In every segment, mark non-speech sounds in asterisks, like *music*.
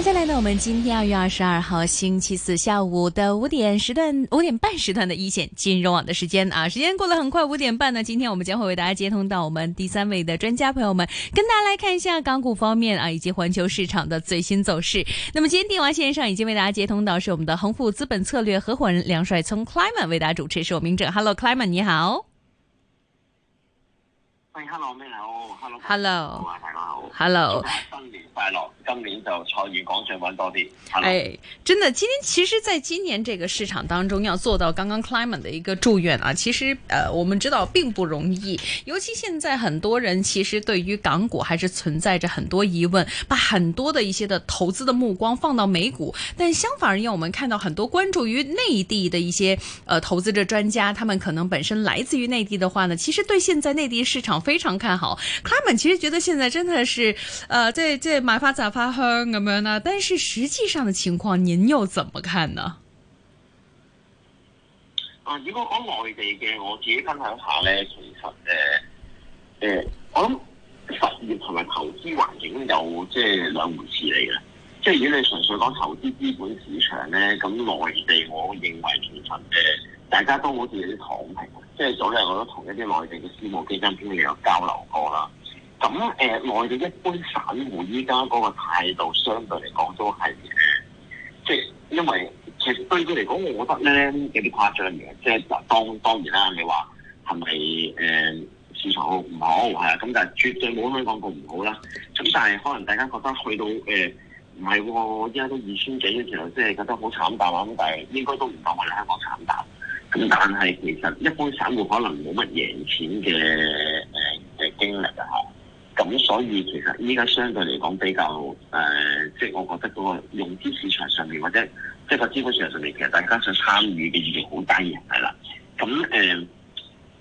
接下來呢，我們今天二月二十二號星期四下午的五點時段，五點半時段的一線金融網的時間啊，時間過得很快，五點半呢，今天我們將會為大家接通到我們第三位的專家朋友們，跟大家來看一下港股方面啊，以及環球市場的最新走勢。那麼今天，電話線上已經為大家接通到是我們的恒富資本策略合夥人梁帥聰 （Clayman） 為大家主持，是我名正。Hello，Clayman，你好。喂、hey，Hello，咩嚟哦？Hello。Hello。Hello。新年快樂。今年就創業廣場揾多啲。哎，真的，今天其實在今年這個市場當中要做到剛剛 Climan 的一個祝願啊，其實，呃，我們知道並不容易。尤其現在很多人其實對於港股還是存在着很多疑問，把很多的一些的投資的目光放到美股。但相反而言，我們看到很多關注於內地的一些，呃，投資者專家，他們可能本身來自於內地的話呢，其實對現在內地市場非常看好。Climan 其實覺得現在真的是，呃，這這買發晒發。家鄉咁樣啦，但是實際上嘅情況，您又怎麼看呢？啊，如果講內地嘅，我自己問問分享下咧，其實誒誒，我諗實業同埋投資環境有即係兩回事嚟嘅，即係如果你純粹講投資資本市場咧，咁、嗯、內地我認為其實誒，大家都好似有啲躺平，即係早日我都同一啲內地嘅私募基金經理有交流過啦。咁誒、嗯呃，內地一般散戶依家嗰個態度，相對嚟講都係誒，即係因為其實對佢嚟講，我覺得咧有啲誇張嘅，即係當當然啦，你話係咪誒市場唔好係啊？咁但係絕對冇香港咁唔好啦。咁但係可能大家覺得去到誒唔係喎，依、呃、家都二千幾嘅時候，即係覺得好慘淡啊！咁但係應該都唔夠我哋香港慘淡。咁但係其實一般散戶可能冇乜贏錢嘅誒誒經歷啊嚇。咁、嗯、所以其實依家相對嚟講比較誒，即、呃、係、就是、我覺得嗰個融資市場上面或者即係個資本市場上面，其實大家想參與嘅熱情好低嘅，係啦。咁誒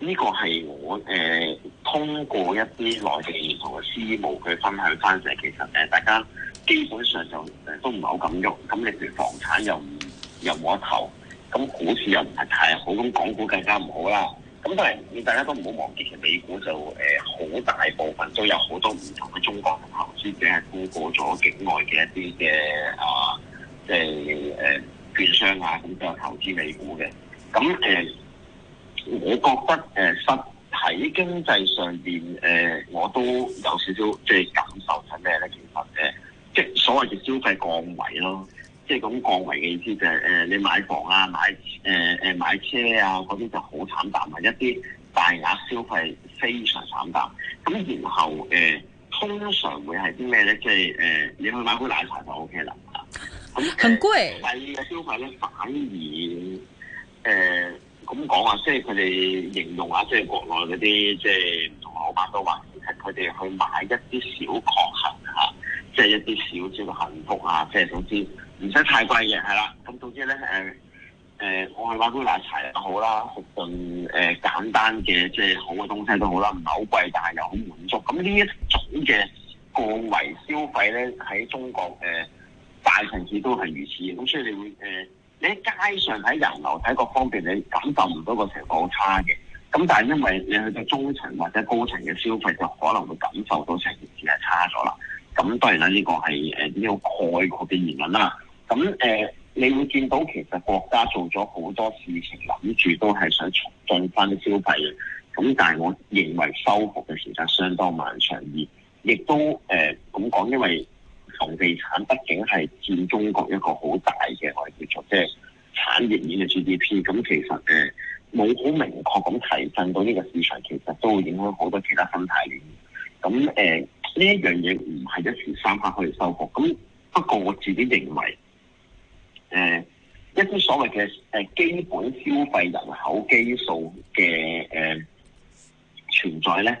呢個係我誒、呃、通過一啲內地銀行嘅私募去分享翻嘅，其實誒、呃、大家基本上就誒都唔係好敢喐。咁你連房產又唔又冇得投，咁股市又唔係太好，咁港股更加唔好啦。咁都係，但大家都唔好忘記，其實美股就誒好、呃、大部分都有好多唔同嘅中國嘅投資者係沽過咗境外嘅一啲嘅啊，即係誒券商啊，咁都有投資美股嘅。咁、嗯、誒，我覺得誒、呃、實喺經濟實體經濟上邊誒、呃，我都有少少即係、就是、感受係咩咧？其實誒，即係所謂嘅消費降維咯。即係咁降維嘅意思就係、是、誒、呃，你買房啊、買誒誒、呃、買車啊嗰啲就好慘淡，同一啲大額消費非常慘淡。咁然後誒、呃，通常會係啲咩咧？即係誒、呃，你去買杯奶茶就 OK 啦。咁細嘅消費咧，反而誒咁講啊，即係佢哋形容啊，即係國內嗰啲即係唔同阿歐巴都話，係佢哋去買一啲小確幸啊，即係一啲小小嘅幸福啊，即係總之。唔使太貴嘅，係啦。咁總之咧，誒、呃、誒，我係買杯奶茶又好啦，食頓誒簡單嘅即係好嘅東西都好啦，唔係好貴，但係又好滿足。咁呢一種嘅降維消費咧，喺中國誒大城市都係如此。咁所以你會誒、呃，你喺街上喺人流睇各方面，你感受唔到個情況差嘅。咁但係因為你去到中層或者高層嘅消費，就可能會感受到城市係差咗啦。咁當然啦，呢個係誒呢個概括嘅言論啦。咁誒、呃，你會見到其實國家做咗好多事情，諗住都係想促進翻啲消費。咁但係我認為收復嘅時間相當漫長，而亦都誒咁講，呃、因為房地產畢竟係佔中國一個好大嘅外接作，即係產業鏈嘅 GDP。咁其實誒冇好明確咁提振到呢個市場，其實都會影響好多其他生態鏈。咁誒呢一樣嘢唔係一時三刻可以收復。咁不過我自己認為。誒、呃、一啲所謂嘅誒基本消費人口基數嘅誒存在咧，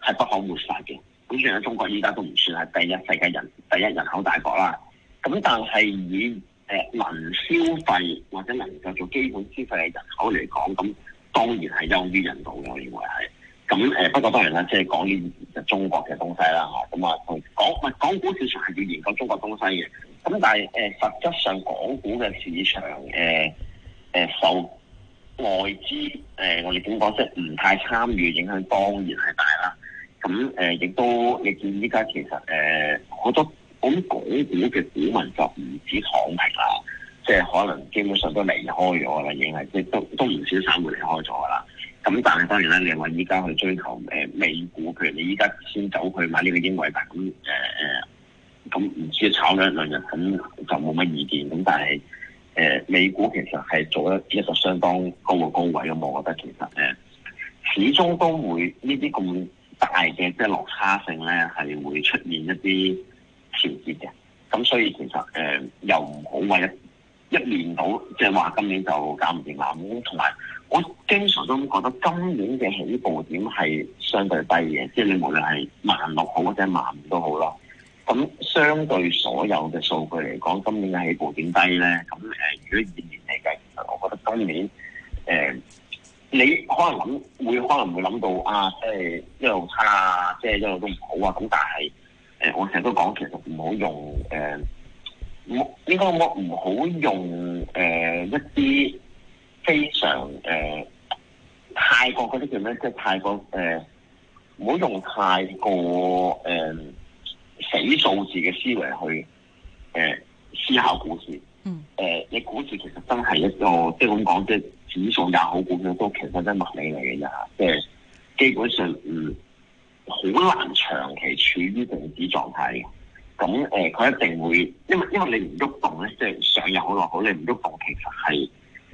係不可抹殺嘅。咁雖然中國依家都唔算係第一世界人第一人口大國啦，咁、嗯、但係以誒、呃、能消費或者能夠做基本消費嘅人口嚟講，咁、嗯、當然係優於印度嘅。我認為係。咁、嗯、誒、嗯、不過當然啦，即係講於其中國嘅東西啦嚇。咁啊同港唔係港股市場係要研究中國東西嘅。咁、嗯、但係誒、呃，實質上港股嘅市場誒誒、呃呃、受外資誒、呃，我哋點講即係唔太參與，影響，當然係大啦。咁誒亦都你見依家其實誒好多咁，呃、港股嘅股民就唔止躺平啦，即係可能基本上都離開咗啦，已經係即係都都唔少散戶離開咗啦。咁、嗯、但係當然啦，你話依家去追求誒、呃、美股，譬如你依家先走去買呢個英偉達咁誒。呃呃咁唔、嗯、知炒兩兩日，咁就冇乜意見。咁但係，誒、呃、美股其實係做咗一一個相當高嘅高位。咁我覺得其實誒、呃、始終都會呢啲咁大嘅即係落差性咧，係會出現一啲調節嘅。咁、嗯、所以其實誒、呃、又唔好話一一年到，即係話今年就搞唔掂啦。咁同埋我經常都覺得今年嘅起步點係相對低嘅，即、就、係、是、你無論係萬六好或者萬五都好咯。咁相對所有嘅數據嚟講，今年嘅起步點低咧，咁誒，如果以年嚟計，其實我覺得今年誒、呃，你可能諗會可能會諗到啊，即、哎、係一路差啊，即係一路都唔好啊，咁但係誒，我成日都講，其實唔好用誒，唔、呃、應該我唔好用誒一啲非常誒、呃、太過嗰啲叫咩？即係太過誒，唔、呃、好用太過誒。呃死數字嘅思維去誒思考股市，誒、嗯呃、你股市其實真係一個，即係咁講，即係指數也好，股票都其實真係物理嚟嘅啫，即係基本上嗯，好難長期處於靜止狀態嘅。咁、嗯、誒，佢、呃、一定會，因為因為你唔喐動咧，即係上又好落好，你唔喐動，動其實係誒、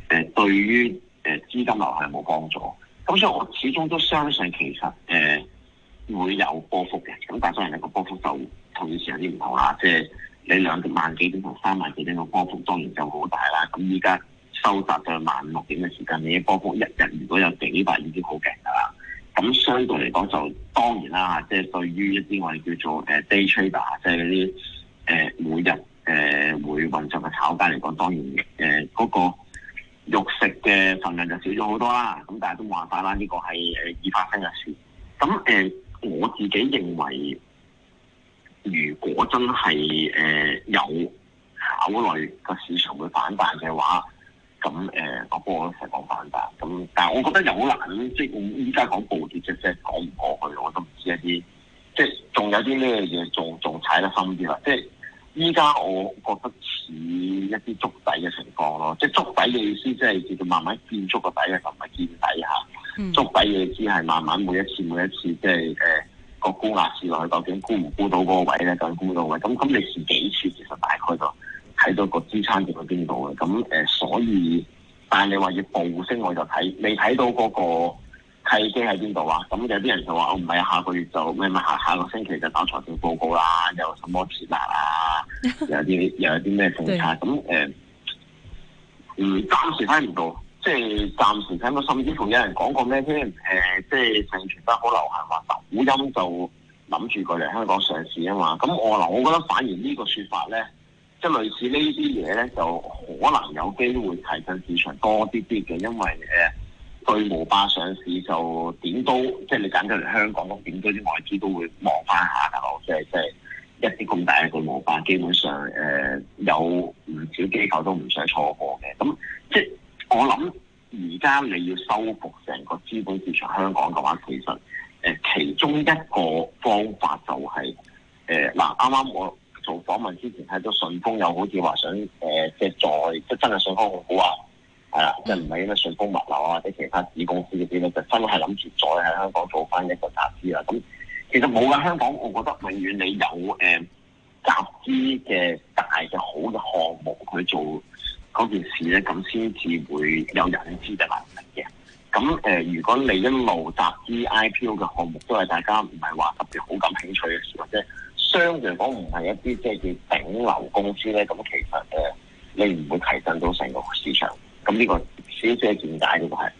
呃、對於誒資金流係冇幫助。咁所以我始終都相信其實誒。呃會有波幅嘅，咁但係當然係個波幅就同以前有啲唔同啦。即係你兩萬幾點同三萬幾點個波幅當然就好大啦。咁依家收集到萬五六點嘅時間，你啲波幅一日如果有幾百已經好勁噶啦。咁相對嚟講就當然啦，即係對於一啲我哋叫做誒 day trader，即係嗰啲誒每日誒會、呃、運作嘅炒家嚟講，當然誒嗰、呃那個肉食嘅份量就少咗好多啦。咁但係都冇辦法啦，呢、這個係誒已發生嘅事。咁誒。呃我自己認為，如果真係誒、呃、有考慮個市場會反彈嘅話，咁誒嗰個我都係講反彈。咁但係我覺得有難，即係我依家講暴跌啫，即係講唔過去。我都唔知一啲，即係仲有啲咩嘢仲仲踩得深啲啦。即係依家我覺得似一啲築底嘅情況咯，即係築底嘅意思即係叫做慢慢建築個底嘅，唔係建底嚇。嗯、捉底嘢只係慢慢，每一次每一次，即係誒個沽壓試落去，究竟估唔估到嗰個位咧？就係沽到位？咁咁你試幾次，其實大概就睇到個支撐點喺邊度嘅？咁誒、呃、所以，但係你話要暴升我就睇未睇到嗰個契機喺邊度啊？咁有啲人就話我唔係下個月就咩咩下下個星期就打財政報告啦，又什麼事啊？有啲又有啲咩政策咁誒 *laughs* 對、呃？嗯，暫時睇唔到。即係暫時睇唔到心，甚至乎有人講過咩先？誒，即係、呃、盛傳得好流行話，抖音就諗住過嚟香港上市啊嘛。咁、嗯、我嗱，我覺得反而呢個説法咧，即係類似呢啲嘢咧，就可能有機會提振市場多啲啲嘅，因為誒、呃、巨無霸上市就點都，即係你揀咗嚟香港咁，點都啲外資都會望翻下㗎喎。即係即係一啲咁大嘅巨無霸，基本上誒、呃、有唔少機構都唔想錯過嘅。咁、嗯嗯啱你要修復成個資本市場，香港嘅話其實誒、呃、其中一個方法就係誒嗱，啱啱我做訪問之前睇到順豐又好似話想誒、呃、即係再即係真係順豐好好啊，係啦，即係唔係應該順豐物流啊或者其他子公司啲咧，就真係諗住再喺香港做翻一個集資啦。咁、嗯、其實冇啊，香港我覺得永遠你有誒集、呃、資嘅。咁先至會有引資嘅能力嘅。咁誒，如果你一路集 e IPO 嘅項目，都係大家唔係話特別好感興趣嘅時候，即係相對嚟講唔係一啲即係叫頂流公司咧，咁其實誒，你唔會提振到成個市場。咁呢個少少嘅見解嘅話係。 *music*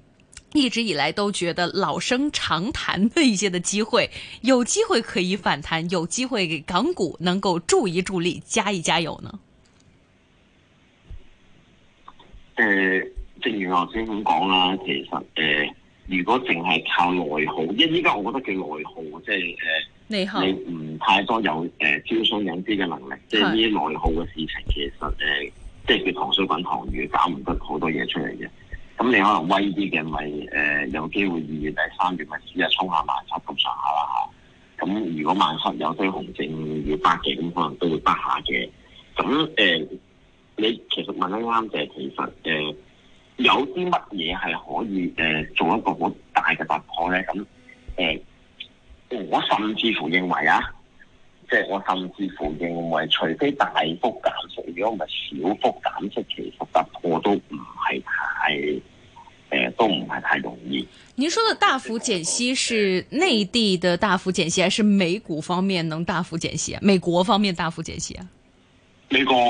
一直以來都覺得老生常談的一些的機會，有機會可以反彈，有機會給港股能夠助一助力，加一加油呢？誒、呃，正如我先咁講啦，其實誒、呃，如果淨係靠內耗，因為依家我覺得幾內耗，即係誒，你唔太多有誒招商引資嘅能力，即係呢啲內耗嘅事情，是其實誒、呃，即係佢糖水滾糖雨，搞唔得好多嘢出嚟嘅。咁、嗯、你可能威啲嘅咪誒有機會二月第三月咪試下衝下萬七咁上下啦嚇。咁、嗯、如果萬七有堆紅證要百幾，咁、嗯、可能都會跌下嘅。咁、嗯、誒、呃，你其實問得啱就係其實誒、呃，有啲乜嘢係可以誒、呃、做一個好大嘅突破咧？咁、嗯、誒、呃，我甚至乎認為啊，即、就、係、是、我甚至乎認為，除非大幅減息，如果唔係小幅減息，其實突破都唔係太。都唔係太容易。您說的大幅減息是內地嘅大幅減息，還是美股方面能大幅減息啊？美國方面大幅減息啊？美國、這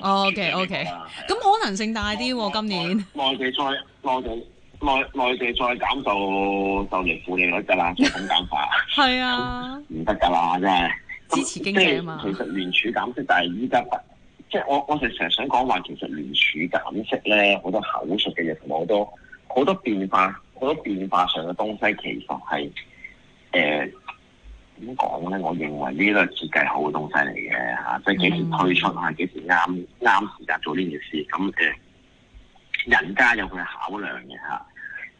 個。O K O K，咁可能性大啲，啊。今年內，內，內地再內地內內地再減到就嚟負利率噶啦，咁減法。係 *laughs* 啊，唔得噶啦，真係。支持經濟啊嘛。其實聯儲減息但係依家，即係我我哋成日想講話，其實聯儲減息咧好多口述嘅嘢同好多。好多變化，好多變化上嘅東西其實係誒點講咧？我認為呢個設計好嘅東西嚟嘅嚇，即係幾時推出啊？幾時啱啱時間做呢件事咁誒、呃？人家有佢考量嘅嚇。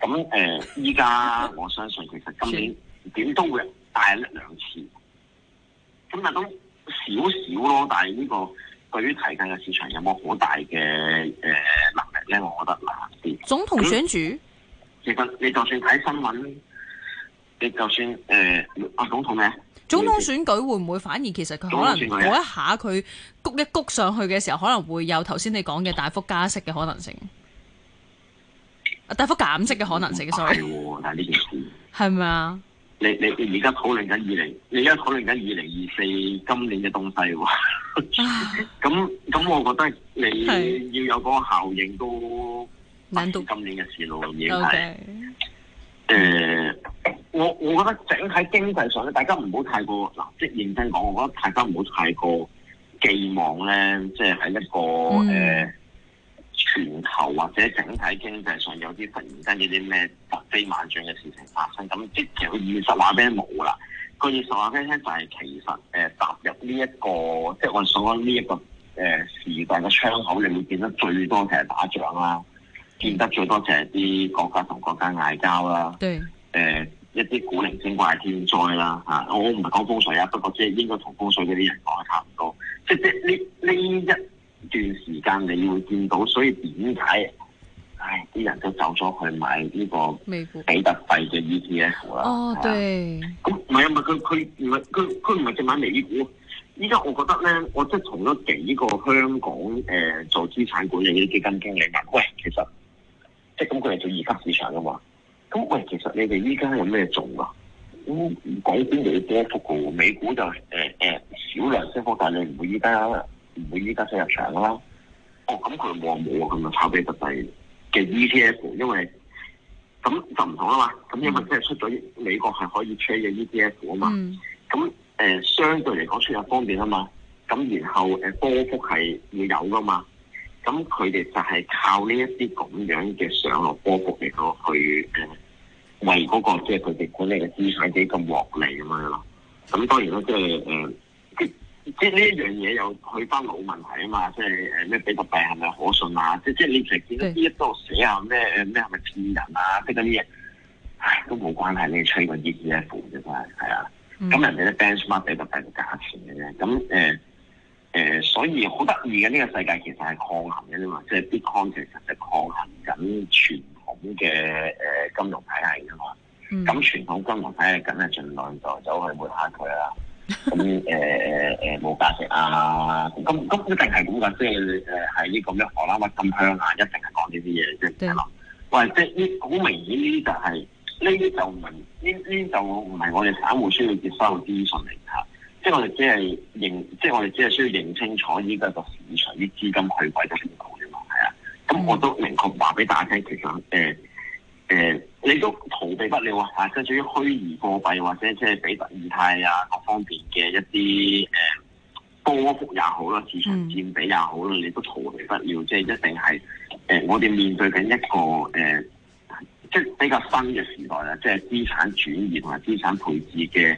咁、啊、誒，依、呃、家我相信其實今年點都會帶一的兩次，咁但係都少少咯。但係呢個對於提緊嘅市場有冇好大嘅誒？呃因為我覺得嗱，總統選舉、嗯、其實你就算睇新聞，你就算誒，阿、呃啊、總統咩啊？總統選舉會唔會反而其實佢可能嗰一下佢谷一谷上去嘅時候，可能會有頭先你講嘅大幅加息嘅可能性，啊、嗯，大幅減息嘅可能性，所以唔但係呢件事係咪啊？你你你而家討論緊二零，你而家討論緊二零二四今年嘅東西喎。 *laughs* 咁咁，我覺得你要有嗰個效應都難度今年嘅事路已經係。誒 *laughs* 我我覺得整體經濟上咧，大家唔好太過嗱，即係認真講，我覺得大家唔好太過寄望咧，即係喺一個誒全球或者整體經濟上有啲突然間呢啲咩突飛猛進嘅事情發生，咁即其實現實話畀冇啦。個二十 percent 就係其實誒、呃、踏入呢、這、一個，即係我哋所講呢一個誒、呃、時代嘅窗口，你會見得最多就係打仗啦，見得最多就係啲國家同國家嗌交啦。對，誒、呃、一啲古靈精怪嘅天災啦嚇、啊，我唔係講風水啊，不過即係應該同風水嗰啲人講得差唔多，即係即係呢呢一段時間你會見到，所以點解誒啲人都走咗去買呢個比特幣嘅 ETF 啦？哦，對，佢佢唔係佢佢唔係淨買美股。依家我覺得咧，我即係同咗幾個香港誒、呃、做資產管理啲基金經理問，喂，其實即係咁佢係做二級市場噶嘛？咁喂，其實你哋依家有咩做啊？咁港股冇波幅喎？美股就誒誒少量升幅，但你唔會依家唔會依家想入場啦。哦，咁佢冇冇咁樣炒比特幣嘅 ETF，因為？咁就唔同啦嘛，咁因為即係出咗美國係可以 check 嘅 ETF 啊嘛，咁誒、嗯呃、相對嚟講出入方便啊嘛，咁然後誒、呃、波幅係會有噶嘛，咁佢哋就係靠呢一啲咁樣嘅上落波幅嚟到去誒、呃、為嗰、那個即係佢哋管理嘅資產幾咁獲利啊嘛，咁、嗯、當然啦，即係誒。呃即係呢一樣嘢又去翻老問題啊嘛，即係誒咩比特幣係咪可信啊？即即係你成日見到呢一度寫下咩誒咩係咪騙人啊？即係呢啲，唉都冇關係，你吹個 ETF 啫嘛，係啊，咁人哋咧 benchmark 比特幣嘅價錢嘅啫，咁誒誒，所以好得意嘅呢個世界其實係抗衡嘅啫嘛，即係 Bitcoin 其實係抗衡緊傳統嘅誒、呃、金融體系啊嘛，咁傳統金融體系梗係儘量就走去抹下佢啦。咁誒誒冇價值啊！咁咁一定係咁㗎，即係誒係呢個咩荷蘭鬱金香啊，一定係講呢啲嘢先啦。喂、啊，即係呢好明顯呢啲就係呢啲就唔呢呢就唔係我哋散戶需要接收嘅資訊嚟嚇、啊。即係我哋只係認，即係我哋只係需要認清楚依家個市場啲、這個、資金去鬼咗邊度啫嘛。係啊，咁、嗯、我都明確話俾大家聽，其實誒誒。嗯嗯嗯你都逃避不了啊！即係至於虛擬貨幣或者即係比特、以太啊，各方面嘅一啲誒波幅也好啦，市場佔比也好啦，你都逃避不了。即係一定係誒、呃，我哋面對緊一個誒、呃，即係比較新嘅時代啦。即係資產轉移同埋資產配置嘅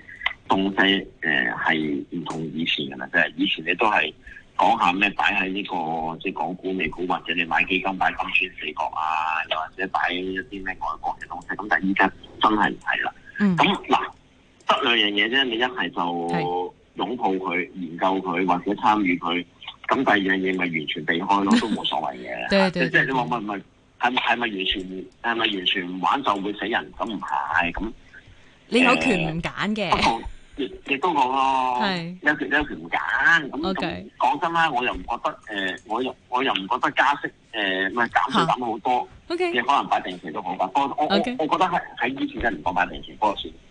東西誒，係、呃、唔同以前嘅啦。即係以前你都係。講下咩擺喺呢個即係港股美股或者你買基金買金磚四國啊，又或者擺一啲咩外國嘅東西。咁但係依家真係唔係啦。咁嗱得兩樣嘢啫，你一係就擁抱佢、研究佢或者參與佢，咁第二樣嘢咪完全避開咯， *laughs* 都冇所謂嘅。即係你話咪咪係咪咪完全係咪完全唔玩就會死人？咁唔係咁，你有權唔揀嘅。呃 *laughs* 亦都講咯，一時一時唔揀咁咁講真啦，我又唔覺得誒，我又我又唔覺得加息誒，唔係暫減諗好多，你可能擺定期都好啩，我我我覺得係喺以前嘅唔我買定期多啲。多